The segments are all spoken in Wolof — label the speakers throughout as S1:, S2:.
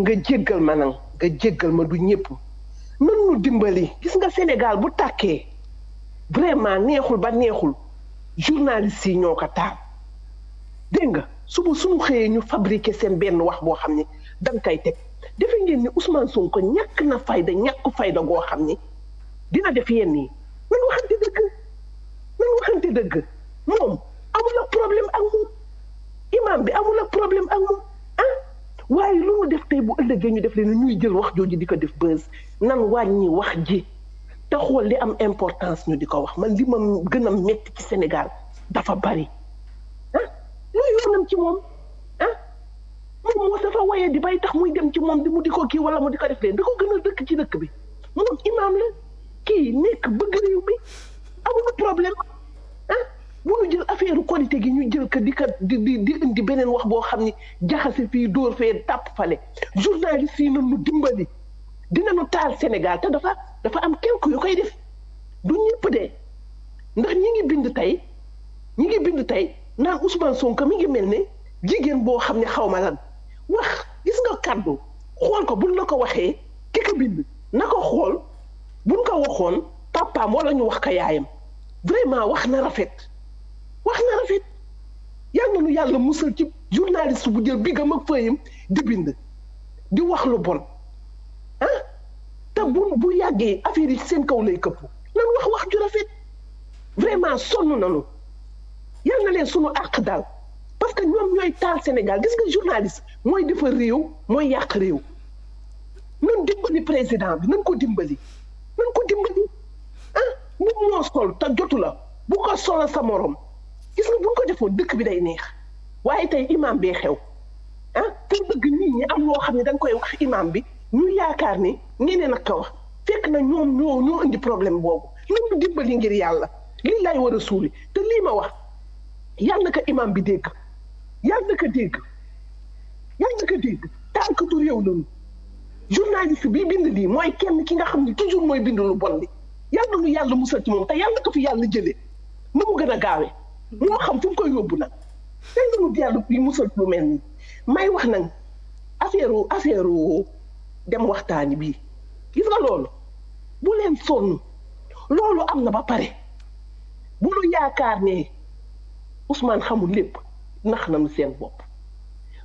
S1: nga jéggal ma nag nga jéggal ma du ñëpp nan nu dimbali gis nga Sénégal bu tàkkee vraiment neexul ba neexul journaliste yi ñoo ko taal dégg nga suba suñu xëyee ñu fabriqué seen benn wax boo xam ne danga koy teg defe ngeen ni Ousmane sunk ñàkk na fayda ñàkk fayda goo xam ni dina def yenn yi nan waxante dëgg nan waxante dëgg moom amul problème ak moom imam bi amul ak problème ak moom waaye lu mu def tey bu ëllëgee ñu def leen ñuy jël wax jooju di ko def buzz nan wàññi wax ji te xool li am importance ñu di ko wax man li ma gën a metti ci Sénégal dafa bari ah lu yoonam ci moom ah moom moo dafa waye di bay tax muy dem ci moom di mu di ko kii wala mu di ko def leen da ko gën a dëkk ci dëkk bi moom imaam la kii nekk bëgg réew bi amul problème bu ñu jël affaire qualité gi ñu jël que di ka di indi beneen wax boo xam ne jaxase fii dóor fee tàpp fale journaliste yi nañu dimbali dina nu taal Sénégal te dafa dafa am quelque yu koy def du ñëpp de ndax ñi ngi bind tey ñi ngi bind tey naan Ousmane sonk mi ngi mel ne jigéen boo xam ne xaw ma lan wax gis nga kàddu xool ko buñ la ko waxee ki ko bind na ko xool buñ ko waxoon papaam wala ñu wax ko yaayam vraiment wax na rafet. yal na nu yàlla musal ci journaliste bu jël bigam ak fëyam di bind di wax lu bon ah te bu bu yàggee affaire yi seen kaw lay këpp nan wax wax ju rafet vraiment sonn nañu yal na leen sunu àq daal parce que ñoom ñooy taal Sénégal gis nga journaliste mooy defar réew mooy yàq réew nan dimbali président bi nan ko dimbali nan ko dimbali ah moom moo sol te jotu la bu ko sola sa morom gis nga bu ñu ko defoon dëkk bi day neex waaye tey imam bee xew ah te bëgg nit ñi am loo xam ne da koy wax imam bi ñu yaakaar ni ñeneen ak ko wax fekk na ñoom ñoo ñoo indi problème boobu nañu dimbali ngir yàlla lii laay war a suuli te lii ma wax yàlla na ko imam bi dégg yàlla na ko dégg yàlla na ko dégg yow réew lañu journaliste bi bind lii mooy kenn ki nga xam ne toujours mooy bind lu bon li yàlla nu yàlla musal ci moom te yàlla ko fi yàlla jël nu gën a gaawee ñoo xam fu mu koy yóbbu nag kenn mu dellu bi musal lu mel ni may wax nag affaire affaire dem waxtaani bii gis nga loolu bu leen sonn loolu am na ba pare bu nu yaakaar ne Ousmane xamul lépp nax na nu seen bopp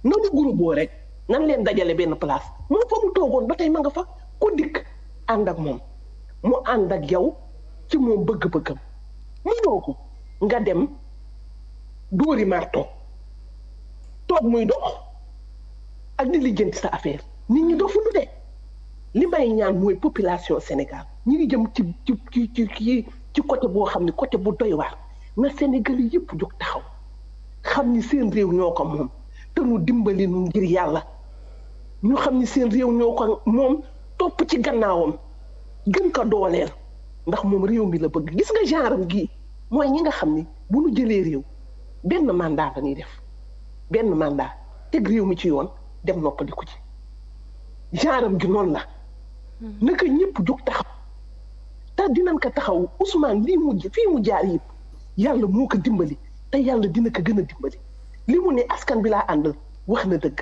S1: nanu groupe rek nan leen dajale benn place moom fa mu toogoon ba tey ma nga fa ku dikk ànd ak moom mu ànd ak yow ci moom bëgg-bëggam mënoo ko nga dem dóori marto toog muy dox ak di lijjanti sa affaire nit ñi dofuñu de li may ñaan mooy population Sénégal ñu ngi jëm ci ci ci ci ci côté boo xam ne côté bu doy waar na Sénégal yëpp jóg taxaw xam ni seen réew ñoo ko moom te nu dimbali nu ngir yàlla ñu xam ni seen réew ñoo ko moom topp ci gannaawam gën ko dooleel ndax moom réew mi la bëgg gis nga genre gi mooy ñi nga xam ni bu nu jëlee réew. benn màndaa la ñuy def benn mandat teg réew mi ci yoon dem noppaliku ci genram gi noonu la hmm. naka ñëpp jóg taxaw te dinañ ko taxaw Ousmane lii mu fii mu jaar yi yàlla moo ko dimbali te yàlla dina ko gën a dimbali li mu ne askan bi laa àndal wax na dëgg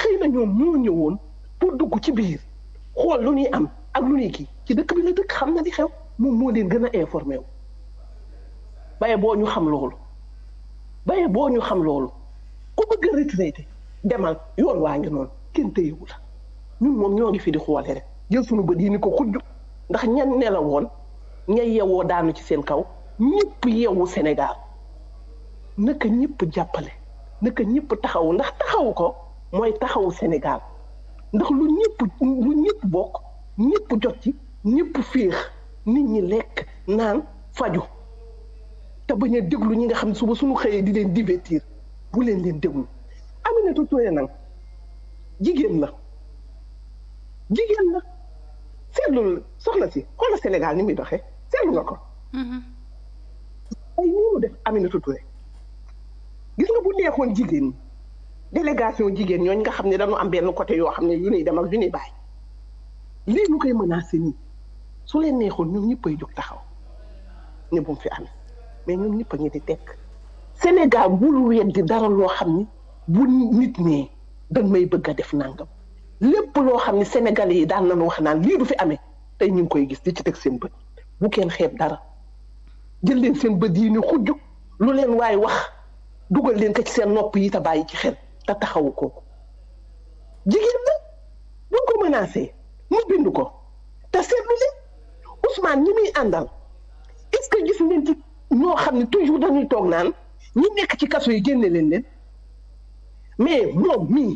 S1: xëy na ñoom ñoo ñëwoon pour dugg ci biir xool lu ñuy am ak lu ñuy kii ci dëkk bi la dëkk xam na di xew moom moo leen gën a informé wu waaye boo ñu xam loolu baye boo ñu xam loolu ku bëgg a retraité demal yoon waa ngi noonu kenn téyewu la ñun moom ñoo ngi fi di xoole rek jël suñu bët yi ni ko xujj ndax ñan ne la woon ña yewoo daanu ci seen kaw ñëpp yewu senegaal naka ñépp jàppale naka ñëpp taxawu ndax taxawu ko mooy taxawu senegaal ndax lu ñëpp lu ñëpp bokk ñépp jot ci ñëpp féex nit ñi lekk naan faju te bañ a déglu ñi nga xam ne suba suñu xëyee di leen divertir bu leen leen déglu Aminata Touré nag jigéen la jigéen la seetlu soxna si xoola Sénégal ni muy doxee seetlu nga ko mhm. ay nii def Aminata Touré gis nga bu neexoon jigéen ñi délégation jigéen ñooñ nga xam ne dañu am benn côté yoo xam ne yu nuy dem ak yu nuy bàyyi lii ñu koy menacé nii su leen neexoon ñoom ñëppay jóg taxaw ne bu mu fi amee mais ñoom ñëpp a ngi di tekk Sénégal bul weddi dara loo xam ni bu nit ne dañ may bëgg a def nangam lépp loo xam ne Sénégalais yi daal nañu wax naan lii du fi amee tey ñu ngi koy gis di ci teg seen bët bu kenn xeeb dara jël leen seen bët yi ni xujj lu leen waaye wax dugal leen ko ci seen nopp yi te bàyyi ci xel te taxawu kooku jigéen la buñ ko menacé mu bind ko te seetlu leen Ousmane ñi muy àndal est-ce gis ngeen ñoo xam ne toujours dañuy toog naan ñi nekk ci kaso yi génne leen leen mais moom mii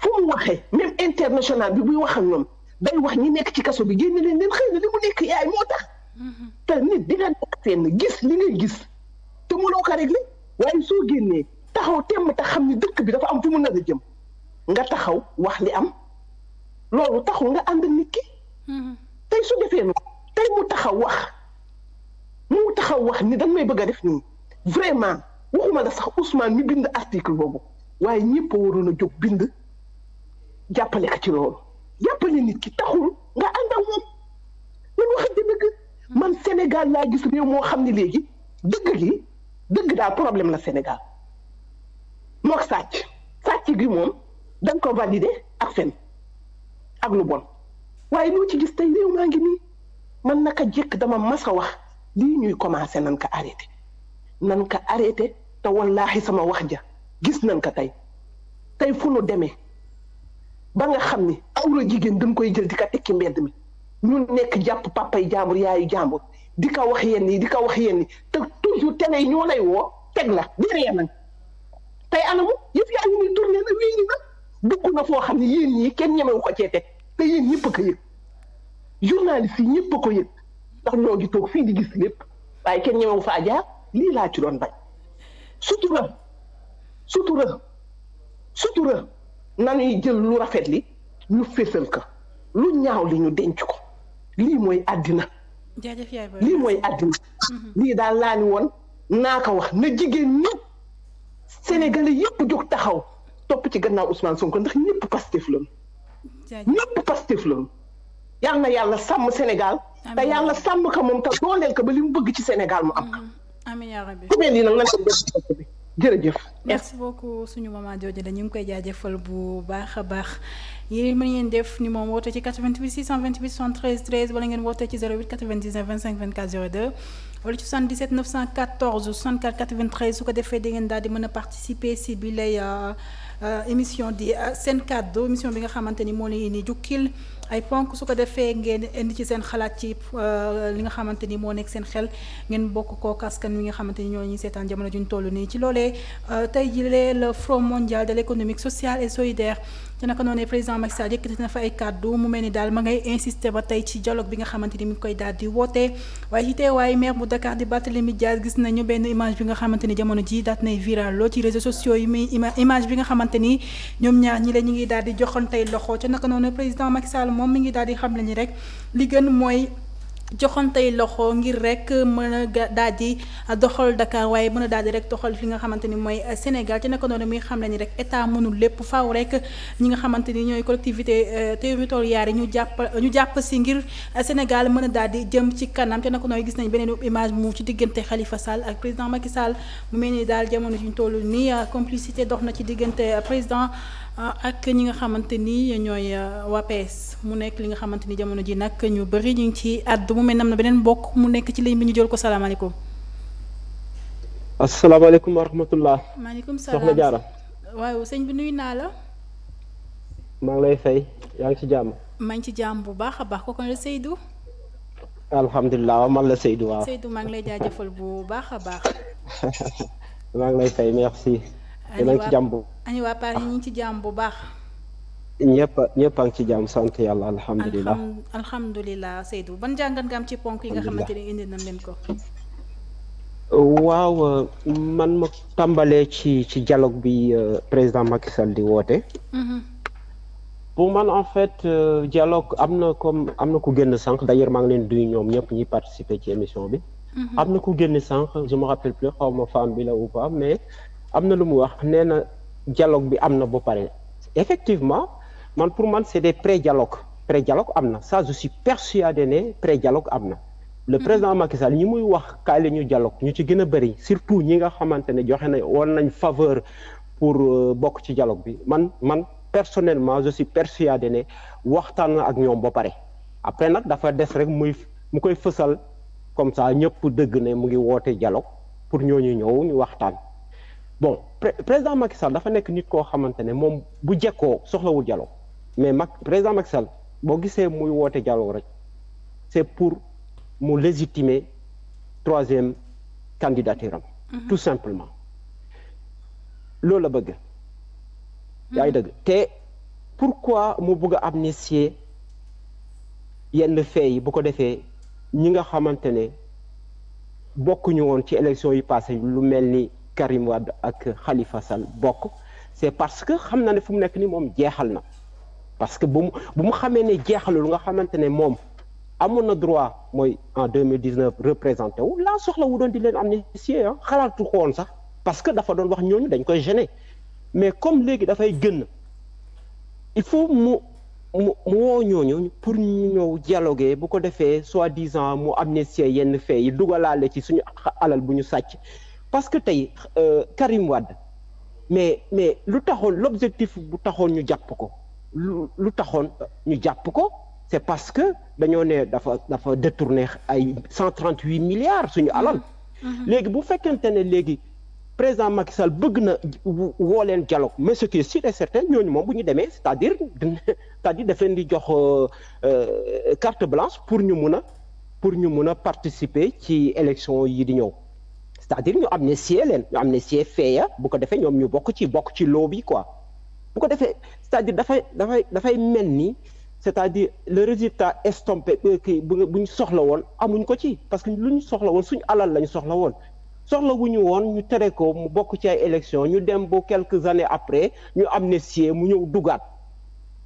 S1: fu mu waxee même international bi buy wax ak ñoom day wax ñi nekk ci kaso bi génne leen leen xëy na li mu nekk yaay moo tax te nit di nga nekk fenn gis li ngay gis te mënoo ko réglé waaye soo génnee taxaw temm tax xam ni dëkk bi dafa am fu mu nar a jëm nga taxaw wax li am loolu taxul nga ànd nit ki mm-hmm. tey su defee noonu tey mu taxaw wax mu taxaw wax ni dañ may bëgg a def nii vraiment waxuma la sax Ousmane mi bind article boobu waaye ñëpp a waroon a jóg bind jàppale ko ci loolu jàppale nit ki taxul nga ànd ak moom man waxante dëgg man moo xam ne léegi dëgg gi dëgg daal problème la Sénégal moog sàcc sàcc gi moom dañ nga ko validé ak fen ak lu bon waaye loo ci gis tey réew maa ngi nii man naka jekk dama mas a wax. li ñuy commencé nan ko arrêté nan ka arrêté te wallaahi sama wax ja gis nan ko tey tey fu nu demee ba nga xam ni awra jigéen dañ koy jël di ko tekki mbedd mi ñu nekk jàpp papay jaambur yaayu jaambur di ko wax yenn yi di ko wax yenn yi te toujours yi ñoo woo teg la derrière nag tey na wéy ni nag dugg foo xam ne yéen ñii kenn ñemewu ko cee teg te yéen ñëpp ko yëg journaliste yi ñëpp ko yëg ndax ñoo ngi toog fii di gis lépp waaye kenn ñemewu faa jaar lii laa ci doon bañ sutura sutura sutura nanuy jël lu rafet li ñu fésal ko lu ñaaw li ñu denc ko lii mooy àddina
S2: jaajëf yaay lii mooy àddina mhm.
S1: lii daal laa ni woon naa ko wax na jigéen ñi Sénégalais yëpp jóg taxaw topp ci gannaaw Ousmane Sonko ndax ñëpp Pastef lañu ñëpp Pastef lañu yal na yàlla sàmm Sénégal te yàlla sàmm ko moom te dooleel ko ba li mu bëgg ci Sénégal mu am ko.
S2: Mm-hmm. amiin yaa rabbi ku mel nii
S1: nag nañu ko
S2: def suñu maman jooju dañu ngi koy jaajëfal bu baax a baax yéen mën ngeen def ni moom woote ci 88 628 73 13 wala ngeen woote ci 08 99 25 24 02 wala ci 77 914 64 93 su ko defee da ngeen daal di mën a participer si bi lay euh, euh, émission di euh, seen kàddu émission bi nga xamante ni moo leen indi jukkil. ay ponk su ko defee ngeen indi ci seen xalaat ci euh, li nga xamante ni moo nekk seen xel ngeen bokk ko askan wi nga xamante ni ñoo ñuy seetaan jamono juñ toll nii ci loolee euh, tey jii lee le Front mondial de l'économique sociale et solidaire te naka noonu président Macky Sall yëkkati na fa ay kàddu mu mel ni daal ma ngay insister ba tey ci dialogue bi nga xamante ni mi ngi koy daal di woote waaye ci teewaayu maire bu Dakar di benn image bi nga xamante ni jamono ji daat nay loo ci réseaux sociaux bi nga xamante ni ñoom ñaar ñi la ñu ngi daal di joxoon tey loxo te naka noonu président Macky Sall moom mi ngi daal di xam la ni rek li gën mooy joxantey loxo ngir rek mën a daal di doxal Dakar waaye mën a daal di rek doxal fi nga xamante ni mooy euh, Sénégal ci naka noonu muy xam ne ni rek état mënul lépp faaw rek ñi nga xamante ni ñooy collectivité euh, territoriales yi ñu jàpp ñu jàpp si ngir euh, Sénégal mën a daal di jëm ci kanam ci ko noonu gis nañ beneen image mu ci diggante Khalifa Sall ak président Macky Sall mu mel ni daal jamono ci ñu toll nii complicité dox na ci diggante président. Euh, ak ñi nga xamante ni ñooy euh, waa mu nekk li nga xamante ni jamono ji nag ñu bari ñu ngi ci àddu mu mel am na beneen mbokk mu nekk ci ligne bi ñu jël ko salaamaaleykum.
S3: asalaamaaleykum wa rahmatullah.
S2: maaleykum salaam soxna Diarra. waaw sëñ bi nuyu naa la.
S3: maa ngi lay fay yaa ngi ci jàmm.
S2: maa ngi ci jàmm bu baax a baax kooku la Seydou.
S3: alhamdulilah man la Seydou waaw. Seydou maa ngi lay jaajëfal
S2: bu baax a baax.
S3: maa ngi lay fay merci.
S2: yéen ci jàmm bu añu waa ñu ngi ci jàmm bu baax
S3: ñëpp ñëpp a ngi ci jàmm sant yàlla alhamdulilah
S2: alhamdulilah Seydou ban jàngat nga am ci ponk yi nga xamante ne indi na leen ko
S3: waaw euh, man ma tàmbalee ci ci dialogue bi euh, président Macky Sall di woote mm-hmm. pour man en fait euh, dialogue am na comme am na ku génn sànq d'ailleurs maa ngi leen duy ñoom ñëpp ñuy participer ci émission bi mm-hmm. am na ku génn sànq je me rappelle plus xaw femme bi la ou mais am na lu mu wax nee na dialogue bi am na ba pare effectivement man pour man c'est des pré-dialogues pré-dialogue am na ça je suis persuadé ne am na le mm-hmm. président Macky Sall ñi muy wax kaay la ñu dialogue ñu ci gën a bëri surtout ñi nga xamante ne joxe na woon nañ faveur pour euh, bokk ci dialogue bi man man personnellement je suis persuadé waxtaan ak ñoom ba pare après nag dafa des rek muy mu koy fësal comme ça ñëpp dëgg nañ mu ngi woote dialogue pour ñooñu ñëw ñu waxtaan bon président Macky Sall dafa nekk nit koo xamante ne moom bu jekkoo soxlawul dialogue mais Mac président Macky Sall boo gisee muy woote dialogue rek c'est pour mu légitimer troisième candidature am. Mm -hmm. tout simplement loolu la bëgg. yaa ngi mhm. dëgg te pourquoi mu bugg a amnistier yenn fee yi bu ko defee ñi nga xamante ne bokkuñu woon ci élection yi passé lu mel nii Karim Wade ak xalifa Sall bokk c'est parce que xam na ne fu mu nekk nii moom jeexal na parce que bu mu bu mu xamee ne jeexalul nga xamante ne moom amoon na droit mooy en deux mille dix neuf représenté wu laa soxla wu doon di leen amnistier ah xalaatu ko woon sax parce que dafa doon wax ñooñu dañ koy gêner mais comme léegi dafay gën il faut mu mu mu woo ñooñu pour ñu ñëw dialoguer bu ko defee soi-disant mu amnistier yenn faits yi dugalaale ci suñu alal bu ñu sàcc parce que tey euh, Karim Wade mais mais lu taxoon l'objectif bu taxoon ñu jàpp ko lu lu taxoon ñu jàpp ko c'est parce que dañoo ne dafa dafa détourner ay cent trente huit milliards suñu alal mm-hmm. léegi bu fekkente ne léegi président Macky Sall bëgg na woo leen dialogue mais ce qui est certain ñooñu moom bu ñu demee c'est-à-dire c'est-à-dire leen di jox euh, euh, carte blanche pour ñu mun a pour ñu mun a participer ci élection yi di ñëw c'est-à-dire ñu amnistier leen ñu amnistier feeya bu ko defee ñoom ñu bokk ci bokk ci loo bi quoi bu ko defee c'est-à-dire dafay dafay dafay mel ni c'est-à-dire le résultat estomper euh, kii bu bu ñu soxla woon amuñ ko ci parce que lu ñu soxla woon suñu alal la ñu soxla woon soxla wu ñu woon ñu tere ko mu bokk ci ay élections ñu dem ba quelques années après ñu amnistier mu ñëw dugaat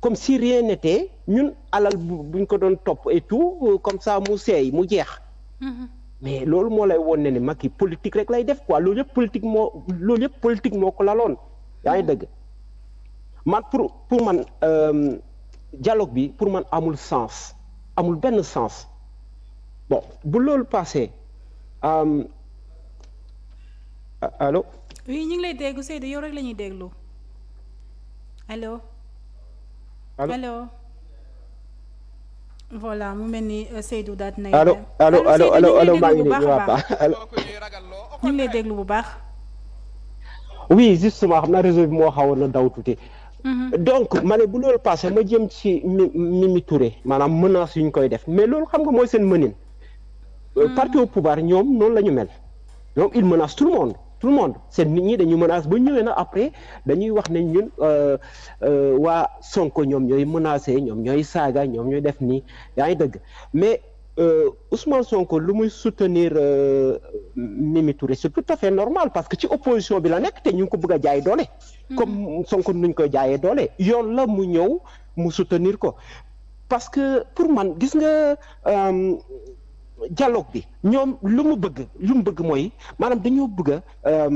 S3: comme si rien n'était ñun alal buñ ko doon topp et tout euh, comme ça mu seey mu jeex. Mm-hmm. mais loolu moo lay won ne ni Macky politique rek lay def quoi loolu yëpp politique moo loolu yëpp politique moo ko laloon yaa ngi dëgg man pour pour man euh, dialogue bi pour man amul sens amul benn sens bon bu loolu passé euh, allo.
S2: oui ñu ngi lay dégg Seydou yow rek la ñuy déglu allo. allo voilà mel ni euh, Seydou daal di allo allo allo allo allo maa ngi nii waaw ñu ngi déglu bu baax.
S3: oui justement xam naa réseau moo xaw na daw tuuti. Mhm. donc ma ne bu loolu passé ma jëm ci Mimi ture maanaam menace yu ñu koy def mais loolu xam nga mooy seen mënin. Euh, mhm. parti au pouvoir ñoom noonu la ñu mel. ñoom il menace tout le monde. tout le monde seen nit ñi dañuy menace ba ñëwee nag après dañuy wax ne ñun euh, euh, waa Sonko ñoom ñooy menacé ñoom ñooy saaga ñoom ñooy def nii yaa ngi dëgg mais euh, Ousmane Sonko lu muy soutenir Mimi Touré c'est tout à fait normal parce que ci opposition bi la nekk te ñu ngi ko bëgg jaay doole. Hmm. comme Sonko nuñ ko jaayee doole yoon la mu ñëw mu soutenir ko parce que pour man gis nga. dialogue bi ñoom lu mu bëgg lu mu bëgg mooy maanaam dañoo bëgg a euh,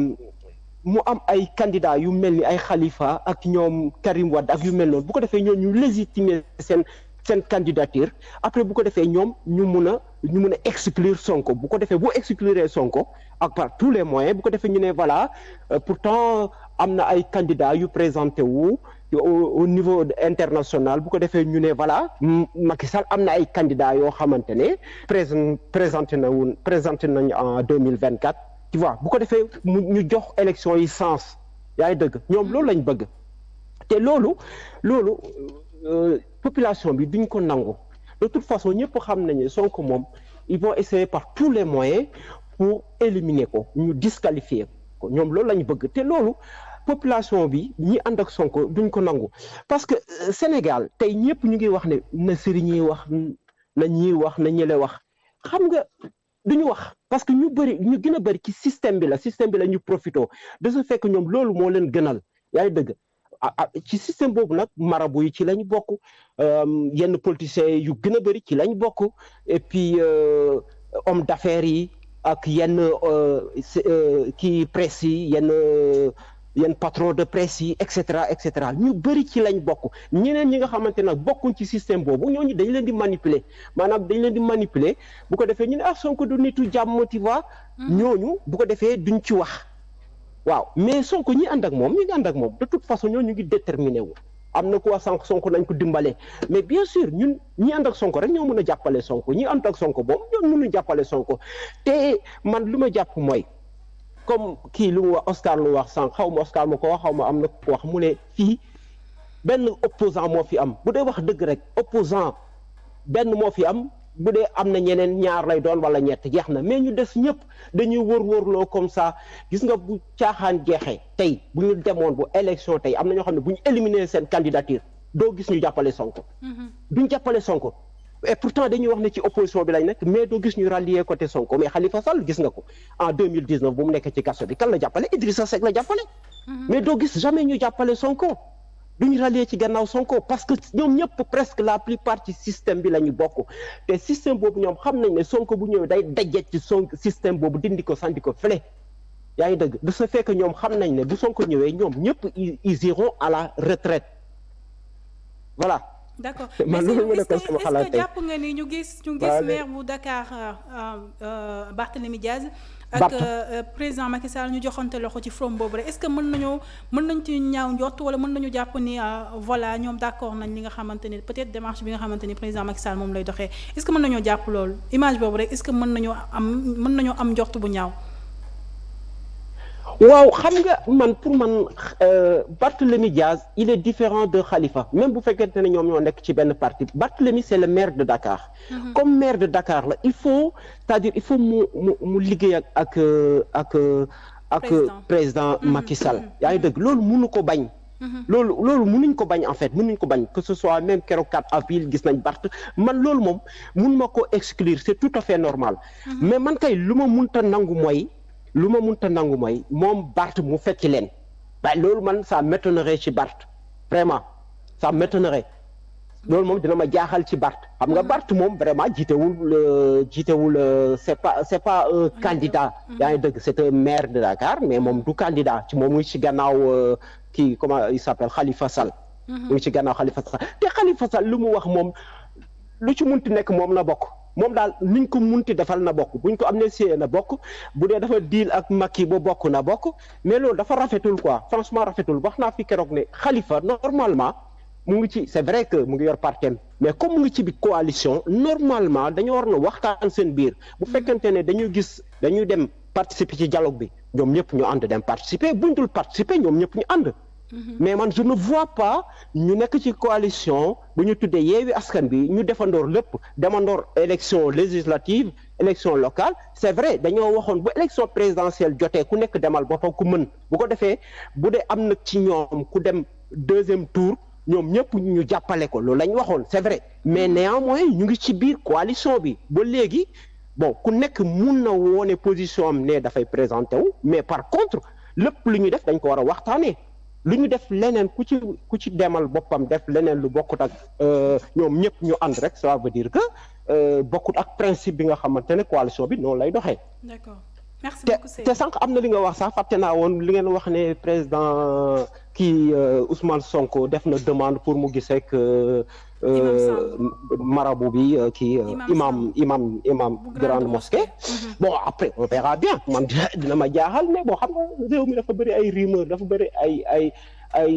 S3: mu am ay candidat yu mel ni ay xalifa ak ñoom Karim wadd ak yu mel noonu bu ko defee ñoom ñu légitimer seen seen candidature après bu ko defee ñoom ñu mun a ñu mun a exclure Sonko bu ko defee bu exclure Sonko ak par tous les moyens bu ko defee ñu ne voilà euh, pourtant am na ay candidat yu présenté wu au niveau international bu ko defee ñu ne voilà Macky Sall am na ay candidats yoo xamante ne présent présenté na wun présenté nañu en deux mille vingt quatre tu vois bu ko defee mu ñu jox élection yi sens yaa ngi dëgg ñoom loolu lañ bëgg te loolu loolu euh, population bi duñ ko nangu de toute façon ñëpp xam nañu Sonko moom ils vont essayer par tous les moyens pour éliminer ko ñu disqualifier ko ñoom loolu lañ bëgg te loolu population bi ñi ànd ak Sonko duñ ko nangu parce que euh, Sénégal tey ñëpp ñu ngi wax ne na sëriñ yi wax na ñiy wax na ñële wax xam nga duñu wax parce que ñu bëri ñu gën a bëri ci système bi la système bi la ñu profito de ce fait ñoom loolu moo leen gënal yaa ngi dëgg ci système boobu nag marabu yi ci lañ bokk euh, yenn politiciens yu gën a bëri ci lañ bokk et puis euh, homme d'affaires yi ak yenn kii presse yi yenn yenn patron de presse yi et cetera et cetera ñu bëri ci lañ bokk ñeneen ñi nga xamante nag bokkuñ ci système boobu ñooñu dañ leen di manipuler maanaam dañ leen di manipuler bu ko defee ñu ne ah Sonko du nitu jàmm tu waa hmm. ñooñu bu ko defee duñ ci wax waaw mais Sonko ñi ànd ak moom ñi ngi ànd ak moom de toute façon ñooñu ngi déterminé wu am na ku wax sànq sonk nañ ko dimbale mais bien sûr ñun ñi ànd ak sonk rek ñoo mën a jàppale sonk ñi ànd ak Sonko boobu ñoo mën a jàppale Sonko te man lu ma jàpp mooy comme kii lu mu wax Oscar lu wax sànq xaw ma Oscar ma ko wax xaw ma am na wax mu ne fii benn opposant moo fi am bu dee wax dëgg rek opposant benn moo fi am bu dee am na ñeneen ñaar lay doon wala ñett jeex na mais ñu des ñëpp dañuy wër loo comme sa gis nga bu caaxaan jeexe tey bu ñu demoon bu élection tey am na ñoo xam ne bu ñu éliminer seen candidature doo gis ñu jàppale Sonko mm-hmm. duñ jàppale Sonko et pourtant dañuy wax ne ci opposition bi lañ nekk mais doo gis ñu rallier côté Sonko mais Khalifa Sall gis nga ko en 2019 bu mu nekk ci kaso bi kan la jàppale Idrissa Seck la jàppale. Mhm. mais doo gis jamais ñu jàppale Sonko. duñu rallier ci gannaaw Sonko parce que ñoom ñëpp presque la plupart ci système bi la ñu bokk te système boobu ñoom xam nañ ne Sonko bu ñëwee day dajet ci son système boobu dindi ko sandi ko fële. yaa ngi dëgg sa fekk ñoom xam nañ ne bu Sonko ñëwee ñoom ñëpp ils à la retraite voilà.
S2: d'accord man loolu moo nekkoon sama xalaat est-ce que jàpp nga ni ñu gis ñu gis maire bu Dakar euh, euh, Barthélémy Diaz ak euh, président Macky Sall ñu joxante loxo ci from boobu rek est mën nañoo mën nañ ci ñaaw njort wala mën nañu jàpp ni voilà ñoom d'accord nañ li nga xamante ni peut-être démarche bi nga xamante ni président Macky Sall moom lay doxee est-ce que mën nañoo jàpp loolu image boobu rek est-ce mën nañoo am mën nañoo am njort bu ñaaw
S3: waaw xam nga man pour man euh, Barthélemy Diaz il est différent de Khalifa même bu fekkente ne ñoom ñoo nekk ci benn parti Barthélemy c'est le maire de Dakar. Mhm. comme maire de Dakar la il faut c'est-à-dire il faut mu mu mu liggéey ak ak ak ak président mhm. Macky Sall. Mhm. yaa ngi dëgg loolu mënu ko bañ. loolu loolu mënuñ ko bañ en fait mënuñ ko bañ que ce soit même keroog 4 avril gis nañ Barth man loolu moom mun ma ko exclure c'est tout à fait normal. mais man kay lu ma mënta nangu mooy. lu ma mënta nangu mooy moom Bart mu fekk leen waaye loolu man ça m'étonnerait ci Bart vraiment ça m'étonnerait loolu moom dina ma jaaxal ci Bart xam nga mm-hmm. Bart moom vraiment jiitewul euh, jiitewul euh, c'est pas c'est pas un candidat yaa ngi dëgg c'est un maire de Dakar mais moom du candidat ci moom mu ngi ci gannaaw euh, kii comment il s'appelle Khalifa Sall mm-hmm. mu ngi ci gannaaw Khalifa Sall te Khalifa Sall lu mu wax moom lu ci munti nekk moom la bokk moom daal niñ ko munti defal na bokk buñ ko amnistie na bokk bu dee dafa diil ak Macky ba bokk na bokk mais loolu dafa rafetul quoi franchement rafetul wax naa fi keroog ne Khalifa normalement mu ngi ci c'est vrai que mu ngi yor partem mais comme mu ngi ci bi coalition normalement dañu war na waxtaan seen biir bu fekkente ne dañuy gis dañuy dem participer ci dialogue bi ñoom ñëpp ñu ànd dem participer buñ dul participer ñoom ñëpp ñu ànd Mm-hmm. mais man je ne vois pas ñu nekk ci coalition bu ñu tuddee yeewi askan bi ñu defandoor lépp demandoor élection législative élection locale c'est vrai dañoo waxoon bu élection présidentielle jotee ku nekk demal boppam ku mën bu ko defee bu dee am nag ci ñoom ku dem deuxième tour ñoom ñëpp ñu jàppale ko loolu lañ waxoon c'est vrai mais mm-hmm. néanmoins ñu ngi ci biir coalition bi ba léegi bon ku nekk mun na woone position am ne dafay présenté wu mais par contre lépp lu ñu def dañ ko war a waxtaanee lu ñu def leneen ku ci ku ci demal boppam def leneen lu bokkut ak euh, ñoom ñëpp ñu ànd rek ça veut dire que euh, bokkut ak principe bi nga xamante ne coalition bi noonu lay doxee. merci beaucoup te sànq am na li nga wax sax fàtte naa woon li ngeen wax ne président kii euh, Ousmane Sonko def na demande pour mu gis rek euh, euh, marabout bi kii imam imam imam grande mosquée mm-hmm. bon après on verra bien man dina ma jaaxal mais bon xam nga réew mi dafa bëri ay rumeur dafa bëri ay ay ay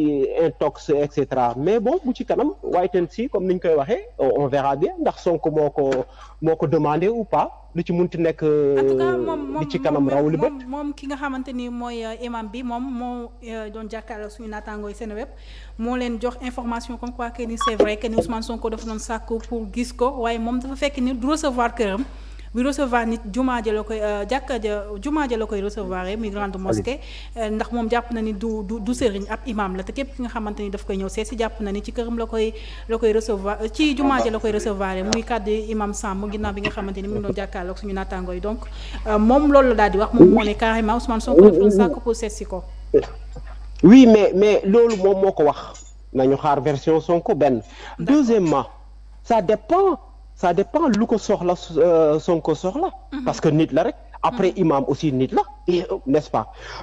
S3: intox et cetera mais bon bu ci kanam waaye ten si comme niñ koy waxee on verra bien ndax Sonko moo ko moo ko demandé ou pas lu ci mun munti nekk. en euh, moom ci kanam raw
S2: moom ki nga xamante ni mooy euh, imam bi moom moo euh, doon jàkkaarloo suñu naataangooy Seneweb moo leen jox information comme quoi que ni c'est vrai que ni Ousmane Sonko dafa doon sàkku pour gis ko waaye moom dafa fekk ni du recevoir këram. bu recevoir nit jumaa ja la koy euh, jàkka ja jumaa ja la koy recevoir muy grande mosquée euh, ndax moom jàpp na ni du du du sëriñ ab imam la te képp ki nga xamante ni daf koy ñëw seet si jàpp na ni ci këram la koy la koy recevoir euh, ci jumaa ja la koy recevoir muy kàddu imam Samb ginnaaw bi nga xamante ni mu ngi doon jàkkaarloog suñu naataango yi donc moom loolu la daal di wax moom moo ne carrément Ousmane Sonko defoon sàkk pour seet si ko.
S3: oui mais mais loolu moom moo ko wax nañu xaar version Sonko benn. deuxièmement ça dépend. ça dépend lu ko soxla euh, Sonko soxla. Mhm. parce que nit la rek. après mhm. imam aussi nit la euh, n'est-ce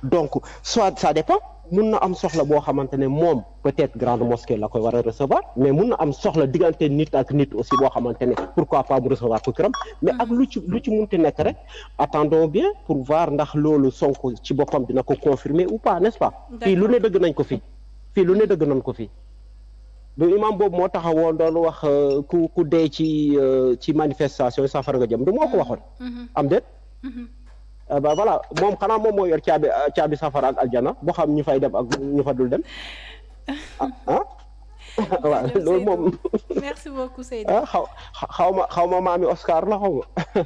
S3: donc soit ça dépend mun na am soxla boo xamante ne moom peut-être grande mosquée la koy war a recevoir mais mun na am soxla diggante nit ak nit aussi boo xamante ne pourquoi pas mu recevoir ko këram mais ak mhm. lu ci lu ci munti nekk rek attendons bien pour voir ndax loolu Sonko ci boppam dina ko confirmer ou pas n'est-ce pas lu ne dëgg nañ ko fi fii lu ne dëgg nañ ko fi du imam boobu moo taxawoon doon wax euh, ku ku dee ci euh, ci manifestation yi safara nga jëm du moo ko waxoon. Mm-hmm. Mm-hmm. am déet. Mm-hmm. Euh, ba voilà moom xanaa moom moo yor caabi caabi safara ak aljana boo xam ñu fay dem ak ñu fa dul dem ah. ah? waaw loolu moom
S2: merci beaucoup Seydou ah xaw
S3: xaw ma xaw ma maami Oscar la xaw ma.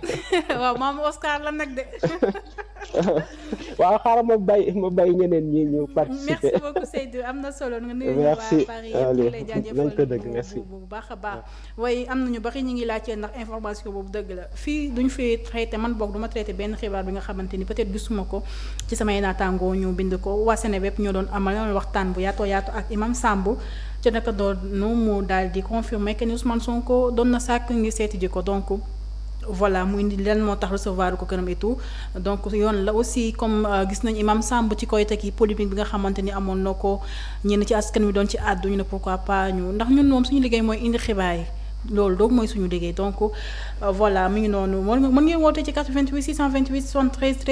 S2: waaw maami Oscar la nag de.
S3: waaw xaaral ma bay ma bay ñeneen ñi ñu participer. merci
S2: beaucoup am na solo nga nuyu waa Paris yëpp ñu ngi lay
S3: jaajëfal
S2: bu baax a baax. waaye am na ñu bari ñu ngi laajte ndax information boobu dëgg la fii duñu fi traité man boog duma traité benn xibaar bi nga xamante ni peut-être gisuma ko ci samay naataangoo ñu bind ko waa Seneweb ñoo doon amal waxtaan bu yaatoo yaato ak Imam Samb. ci naka doonu mu daal di confirmer que ni Ousmane doon na sàkk ngir seeti ji ko donc voilà mu indi lan moo tax recevoir ko këram et tout donc yoon la aussi comme euh, gis nañ imam Samb ci koy teg yi polémique bi nga xamante ni amoon na ko ñenn ci askan wi doon ci àddu ñu ne pourquoi pas ñu ndax ñun moom suñu liggéey mooy indi xibaar yi loolu doog mooy suñu liggéey donc euh, voilà mu ngi noonu mën nga mën ngeen woote ci 88 628 73 13.